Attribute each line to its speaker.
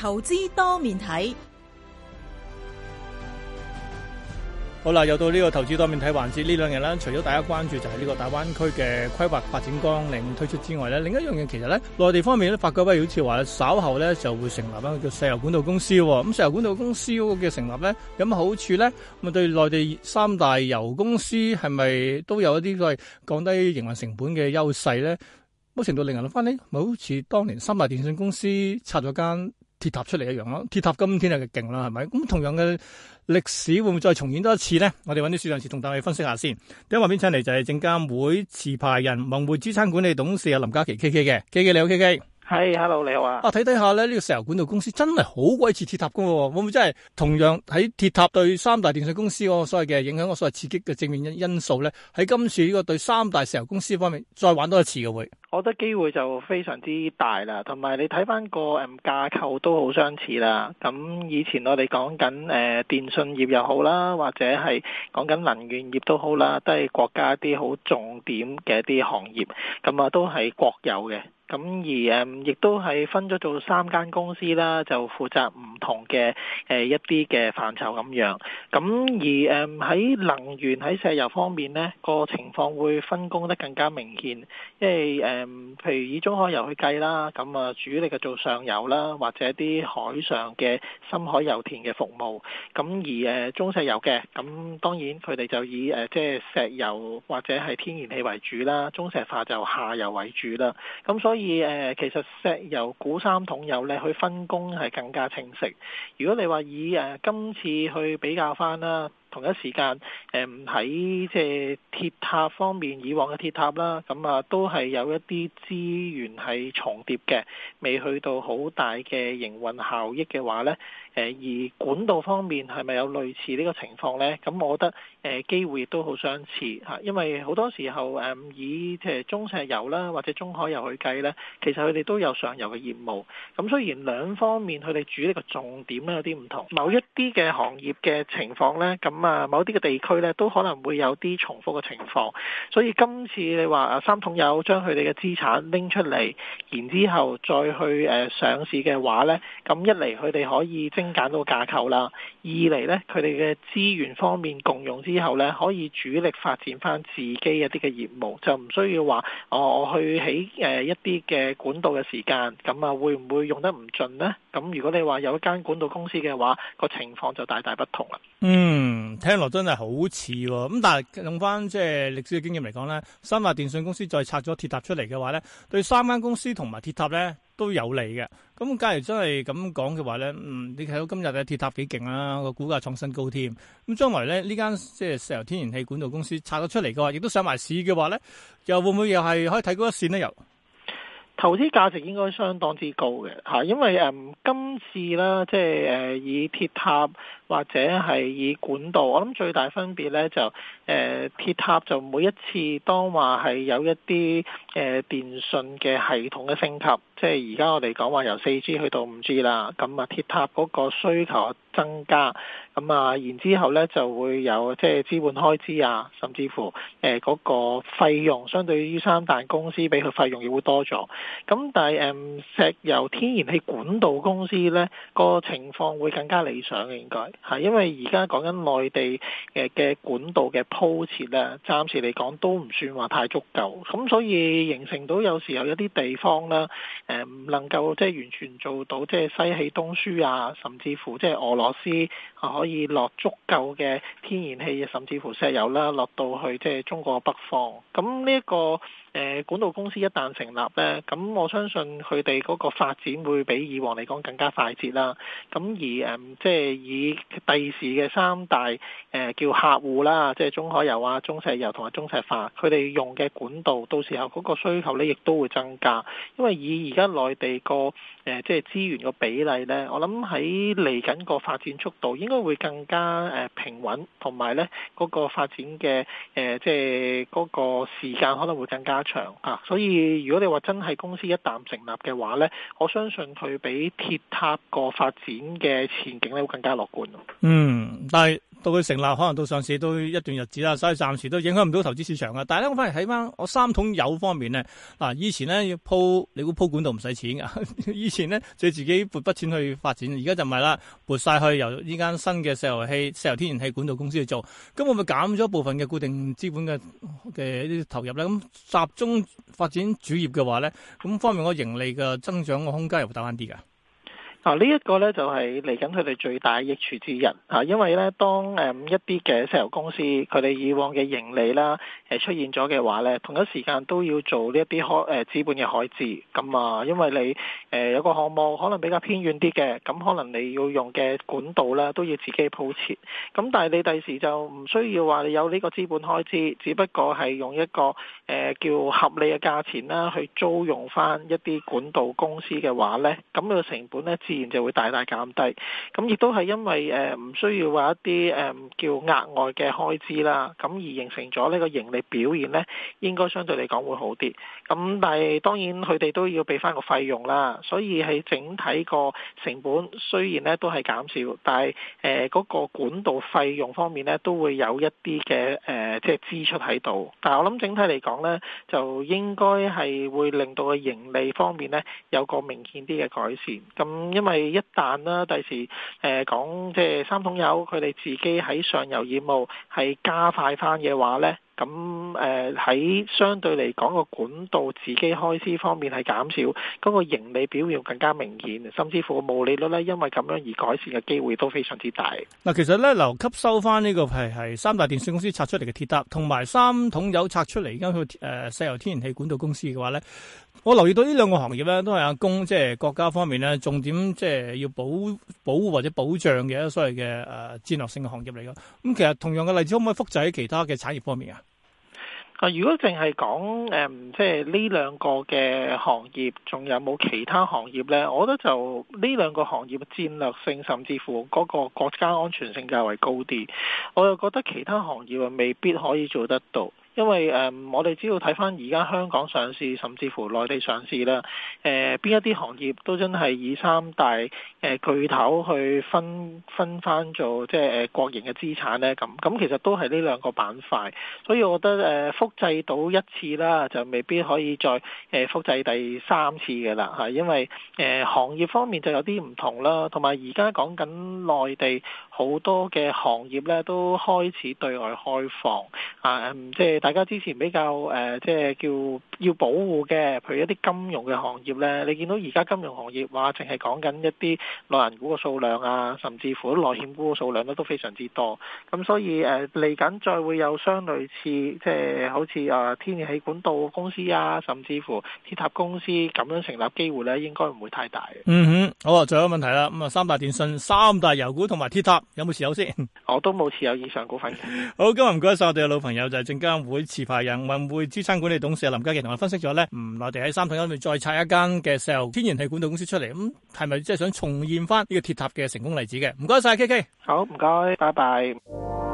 Speaker 1: 投資多面睇，好啦，又到呢個投資多面睇環節。兩呢兩日咧，除咗大家關注就係呢個大灣區嘅規劃發展綱領推出之外咧，另一樣嘢其實咧，內地方面咧，發改委好似話稍後咧就會成立一個叫石油管道公司，哦。咁石油管道公司嘅成立咧，有乜好處咧？咁對內地三大油公司係咪都有一啲都係降低營運成本嘅優勢咧？某程度令人諗翻咧，咪好似當年三大電信公司拆咗間。鐵塔出嚟一樣咯，鐵塔今天就勁啦，係咪？咁同樣嘅歷史會唔會再重演多一次呢？我哋揾啲時尚時同大家分析一下先。第一位嘉賓嚟，就係證監會持牌人宏匯資產管理董事林嘉麒 K K 嘅，K K 你好，K K。係、hey，hello，你好啊！啊，睇睇下咧，呢個石油管道公司真係好鬼似鐵塔公司、喎，會唔會真係同樣喺鐵塔對三大電信公司嗰個所謂嘅影響，嗰個所謂刺激嘅正面因素咧？喺今次呢個對三大石油公司方面再玩多一次嘅會，
Speaker 2: 我覺得機會就非常之大啦。同埋你睇翻個架構都好相似啦。咁以前我哋講緊誒電信業又好啦，或者係講緊能源業都好啦，都係國家啲好重點嘅一啲行業，咁啊都係國有嘅。咁而誒，亦都係分咗做三間公司啦，就負責。同嘅誒一啲嘅範疇咁樣，咁而誒喺能源喺石油方面咧，個情況會分工得更加明顯，因為誒譬如以中海油去計啦，咁啊主力嘅做上游啦，或者啲海上嘅深海油田嘅服務，咁而誒中石油嘅，咁當然佢哋就以誒即係石油或者係天然氣為主啦，中石化就下游為主啦，咁所以誒其實石油股三桶油咧，去分工係更加清晰。如果你話以誒、啊、今次去比較翻啦。同一時間，誒喺即係鐵塔方面，以往嘅鐵塔啦，咁啊都係有一啲資源係重疊嘅，未去到好大嘅營運效益嘅話呢。誒而管道方面係咪有類似呢個情況呢？咁我覺得誒機會亦都好相似嚇，因為好多時候誒以即係中石油啦或者中海油去計呢，其實佢哋都有上游嘅業務。咁雖然兩方面佢哋主呢個重點呢有啲唔同，某一啲嘅行業嘅情況呢。咁啊，某啲嘅地區咧都可能會有啲重複嘅情況，所以今次你話三桶油將佢哋嘅資產拎出嚟，然之後再去誒上市嘅話咧，咁一嚟佢哋可以精簡到架構啦，二嚟咧佢哋嘅資源方面共用之後咧，可以主力發展翻自己一啲嘅業務，就唔需要話我我去起誒一啲嘅管道嘅時間，咁啊會唔會用得唔盡呢？咁如果你話有一間管道公司嘅話，個情況就大大不同啦。嗯。
Speaker 1: 聽落真係好似咁，但係用翻即係歷史嘅經驗嚟講咧，三大電信公司再拆咗鐵塔出嚟嘅話咧，對三間公司同埋鐵塔咧都有利嘅。咁假如真係咁講嘅話咧，嗯，你睇到今日嘅鐵塔幾勁啊，個股價創新高添。咁將來咧呢間即係石油天然氣管道公司拆咗出嚟嘅話，亦都上埋市嘅話咧，又會唔會又係可以睇高一綫呢？又投資價值應該相當之高嘅吓，因為誒今次啦，
Speaker 2: 即係誒以鐵塔。或者係以管道，我諗最大分別呢就誒、呃、鐵塔就每一次當話係有一啲誒、呃、電信嘅系統嘅升級，即係而家我哋講話由四 G 去到五 G 啦，咁啊鐵塔嗰個需求增加，咁啊然之後呢就會有即係資本開支啊，甚至乎誒嗰、呃那個費用相對於三大公司俾佢費用亦會多咗，咁但係誒、呃、石油、天然氣管道公司呢、那個情況會更加理想嘅應該。係，因為而家講緊內地嘅嘅管道嘅鋪設咧，暫時嚟講都唔算話太足夠，咁所以形成到有時候有一啲地方啦，誒、呃、唔能夠即係完全做到即係西氣東輸啊，甚至乎即係俄羅斯可以落足夠嘅天然氣，甚至乎石油啦落到去即係中國北方，咁呢一個管道公司一旦成立呢，咁我相信佢哋嗰個發展會比以往嚟講更加快捷啦。咁而誒，即、嗯、係、就是、以第時嘅三大誒、呃、叫客戶啦，即、就、係、是、中海油啊、中石油同埋中石化，佢哋用嘅管道到時候嗰個需求呢亦都會增加。因為以而家內地個誒即係資源個比例呢，我諗喺嚟緊個發展速度應該會更加誒平穩，同埋呢嗰、那個發展嘅誒即係嗰個時間可能會更加，增加。長啊，所以如果你話真係公司一旦成立嘅話咧，我相信佢比鐵塔個發展
Speaker 1: 嘅前景咧會更加樂觀咯。嗯，但係。到佢成立，可能到上市都一段日子啦，所以暫時都影響唔到投資市場噶。但係咧，我反而睇翻我三桶油方面咧，嗱，以前咧要鋪你估鋪管道唔使錢噶、啊， 以前咧就自己撥筆錢去發展，而家就唔係啦，撥晒去由呢間新嘅石油氣、石油天然氣管道公司去做，咁會唔會減咗部分嘅固定資本嘅嘅呢啲投入咧？咁集中發展主業嘅話咧，咁方面個盈利嘅增長嘅空間又會大翻啲噶？啊！
Speaker 2: 呢、這、一個呢，就係嚟緊，佢哋最大益處之一啊！因為呢，當誒、嗯、一啲嘅石油公司佢哋以往嘅盈利啦，誒、呃、出現咗嘅話呢，同一時間都要做呢一啲開誒資本嘅開支咁啊！因為你誒、呃、有個項目可能比較偏遠啲嘅，咁、嗯、可能你要用嘅管道呢都要自己鋪設。咁、嗯、但係你第時就唔需要話你有呢個資本開支，只不過係用一個誒、呃、叫合理嘅價錢啦，去租用返一啲管道公司嘅話呢，咁佢個成本呢，自然就會大大減低，咁亦都係因為誒唔需要話一啲誒叫額外嘅開支啦，咁而形成咗呢個盈利表現呢，應該相對嚟講會好啲。咁但係當然佢哋都要俾翻個費用啦，所以係整體個成本雖然呢都係減少，但係誒嗰個管道費用方面呢，都會有一啲嘅誒即係支出喺度。但係我諗整體嚟講呢，就應該係會令到個盈利方面呢，有個明顯啲嘅改善。咁因為一旦啦，第時誒講即係三桶油，佢哋自己喺上游業務係加快翻嘅話咧，咁。咁誒，喺、呃、相對嚟講個管道自己開支方面係減少，嗰、那個盈利表現更加明顯，甚至乎毛利率呢，因為咁樣而改善嘅機會都非常之大。
Speaker 1: 嗱，其實呢，留吸收翻呢、這個係係三大電信公司拆出嚟嘅鐵塔，同埋三桶油拆出嚟，而家佢誒，石油天然氣管道公司嘅話呢，我留意到呢兩個行業呢，都係阿、啊、公即係、就是、國家方面呢，重點即係要保保護或者保障嘅所謂嘅誒、呃、戰略性嘅行業嚟嘅。咁、嗯、其實同樣嘅例子可唔可以複製喺其他嘅產業方面啊？
Speaker 2: 啊！如果淨係講誒，即係呢兩個嘅行業，仲有冇其他行業呢？我覺得就呢兩個行業戰略性，甚至乎嗰個國家安全性較為高啲。我又覺得其他行業啊，未必可以做得到。因為誒、嗯，我哋只要睇翻而家香港上市，甚至乎內地上市啦，誒、呃、邊一啲行業都真係以三大誒、呃、巨頭去分分翻做，即係誒、呃、國營嘅資產咧。咁咁其實都係呢兩個板塊，所以我覺得誒、呃、複製到一次啦，就未必可以再誒、呃、複製第三次嘅啦嚇，因為誒、呃、行業方面就有啲唔同啦，同埋而家講緊內地好多嘅行業咧都開始對外開放啊，呃、即係。大家之前比較誒，即、呃、係叫要保護嘅，譬如一啲金融嘅行業咧。你見到而家金融行業話淨係講緊一啲內銀股嘅數量啊，甚至乎內險股嘅數量咧、啊、都非常之多。咁所以誒，嚟、呃、緊再會有相類似，即係好似啊天然氣管道公司啊，甚至乎鐵塔公司咁樣成立機會咧，應該唔會太大。
Speaker 1: 嗯哼，好、哦，最後有問題啦。咁啊，三大電信、三大油股同埋鐵塔有冇持有先？ 我都冇持有以上股份嘅。 好，今日唔該晒我哋嘅老朋友，就係正佳會。佢持牌人宏匯資產管理董事林嘉麒同我分析咗咧，唔內地喺三桶油裏面再拆一間嘅石油天然氣管道公司出嚟，咁係咪即係想重現翻呢個鐵塔嘅成功例子嘅？唔該晒，K K，好，唔該，拜拜。